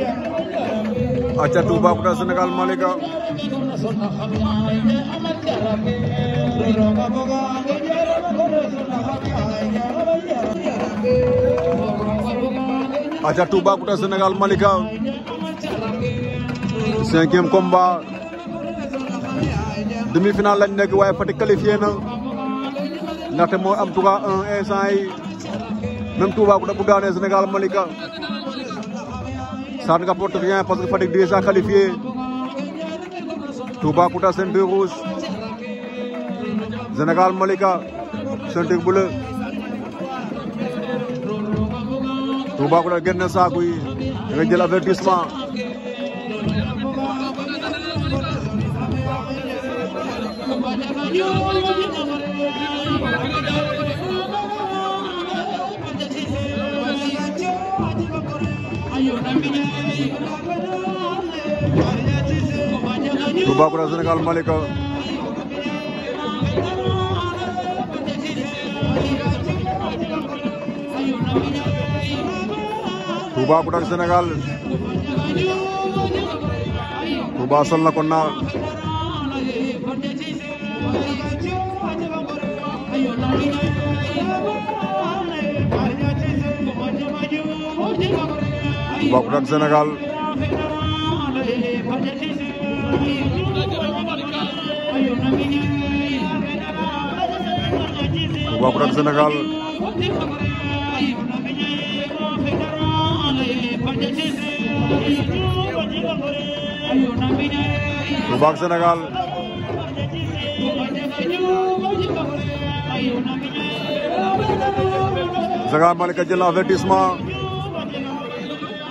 अच्छा तू बाप से निकाल मालिक अच्छा तू बाप से निकाल मालिक सेंकियम कोम्बा demi final lañ nekk waaye Fatick qualifié na ndaxte moo am tuga 1 instant yi même Touba bu daanee Sénégal Malika ne rapporte rien parce que Fadik déjà qualifié. Touba Kouta, c'est deux rouges. Sénégal Malika, c'est bleu. Touba Kouta la ça, oui. Il de l'avertissement. Toubacouta Sénégal Malika Toubacouta ak Sénégal Touba sol na ko naar बकरक Senegal बकरक Senegal बकरक Senegal जगह मालिका जिला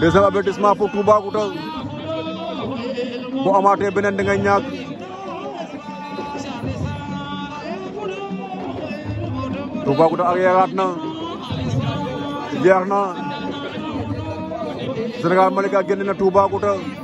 deuxième avertissement pour Toubacouta bu amaatee beneen da ngay ñàkk Toubacouta ak yeeraat na jeex na Général Malika génn na Toubacouta